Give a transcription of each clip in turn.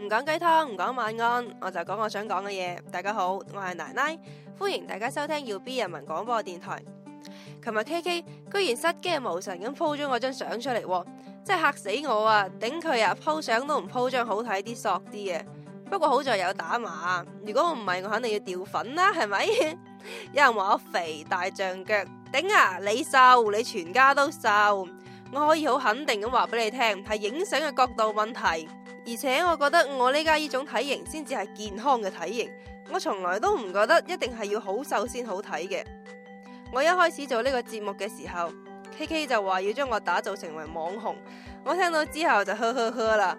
唔講雞湯，唔講晚安，我就講我想講嘅嘢。大家好，我係奶奶，歡迎大家收聽耀 B 人民廣播電台。琴日 KK 居然失驚無神咁鋪咗我張相出嚟，真係嚇死我啊！頂佢啊，鋪相都唔鋪張好睇啲索啲嘅。不過好在有打碼，如果唔係我肯定要掉粉啦，係咪？有人話我肥大象腳，頂啊！你瘦，你全家都瘦，我可以好肯定咁話俾你聽，係影相嘅角度問題。而且我覺得我呢家呢種體型先至係健康嘅體型，我從來都唔覺得一定係要好瘦先好睇嘅。我一開始做呢個節目嘅時候，KK 就話要將我打造成為網紅，我聽到之後就呵呵呵啦。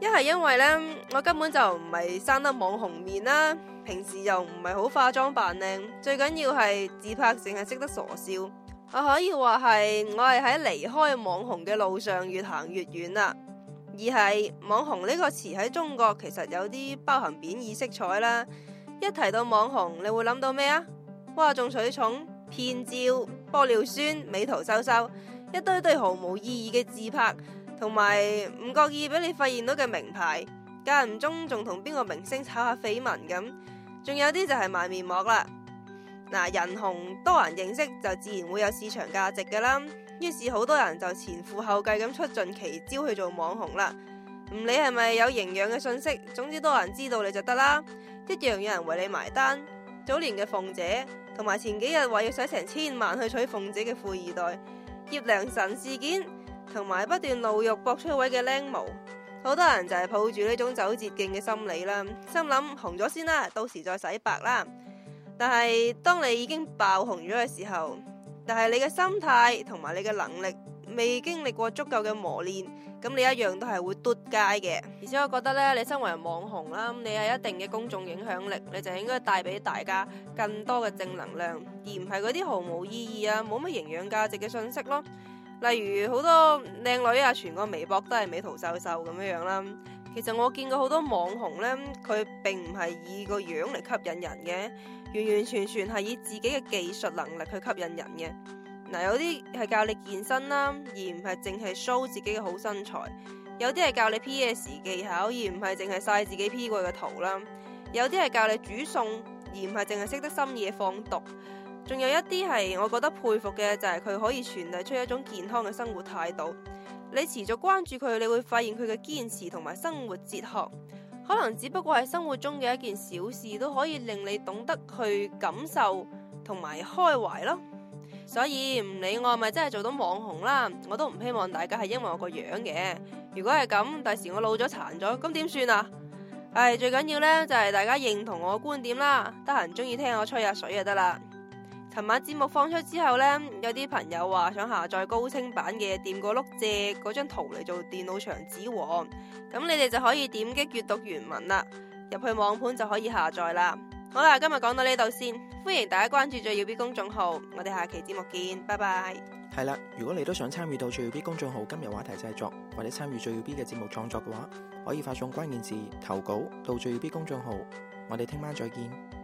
一係因為呢，我根本就唔係生得網紅面啦，平時又唔係好化妝扮靚，最緊要係自拍淨係識得傻笑，我可以話係我係喺離開網紅嘅路上越行越遠啦。二係網紅呢個詞喺中國其實有啲包含貶義色彩啦。一提到網紅，你會諗到咩啊？嘩眾取寵、騙照、玻尿酸、美圖秀秀，一堆堆毫無意義嘅自拍，同埋唔覺意俾你發現到嘅名牌，間唔中仲同邊個明星炒下緋聞咁，仲有啲就係賣麵膜啦。嗱，人紅多人認識就自然會有市場價值噶啦，於是好多人就前赴後繼咁出盡奇招去做網紅啦，唔理係咪有營養嘅信息，總之多人知道你就得啦，一樣有人為你埋單。早年嘅鳳姐，同埋前幾日話要使成千萬去娶鳳姐嘅富二代葉良辰事件，同埋不斷露肉博出位嘅僆模。好多人就係抱住呢種走捷徑嘅心理啦，心諗紅咗先啦，到時再洗白啦。但係當你已經爆紅咗嘅時候，但係你嘅心態同埋你嘅能力未經歷過足夠嘅磨練，咁你一樣都係會嘟街嘅。而且我覺得咧，你身為網紅啦，你有一定嘅公眾影響力，你就應該帶俾大家更多嘅正能量，而唔係嗰啲毫無意義啊、冇乜營養價值嘅信息咯。例如好多靚女啊，成個微博都係美圖秀秀咁樣樣啦。其實我見過好多網紅呢，佢並唔係以個樣嚟吸引人嘅，完完全全係以自己嘅技術能力去吸引人嘅。嗱、呃，有啲係教你健身啦，而唔係淨係 show 自己嘅好身材；有啲係教你 PS 技巧，而唔係淨係晒自己 P 過嘅圖啦；有啲係教你煮餸，而唔係淨係識得深夜放毒。仲有一啲係，我覺得佩服嘅就係、是、佢可以傳遞出一種健康嘅生活態度。你持續關注佢，你會發現佢嘅堅持同埋生活哲學，可能只不過係生活中嘅一件小事，都可以令你懂得去感受同埋開懷咯。所以唔理我係咪真係做到網紅啦，我都唔希望大家係因為我個樣嘅。如果係咁，第時我老咗殘咗，咁點算啊？唉、哎，最緊要呢就係大家認同我觀點啦，得閒中意聽我吹下水就得啦。琴晚節目放出之後呢，有啲朋友話想下載高清版嘅掂個碌蔗嗰張圖嚟做電腦牆紙王，咁你哋就可以點擊閱讀原文啦，入去網盤就可以下載啦。好啦，今日講到呢度先，歡迎大家關注最耀 B 公眾號，我哋下期節目見，拜拜。係啦，如果你都想參與到最耀 B 公眾號今日話題製作，或者參與最耀 B 嘅節目創作嘅話，可以發送關鍵字投稿到最耀 B 公眾號，我哋聽晚再見。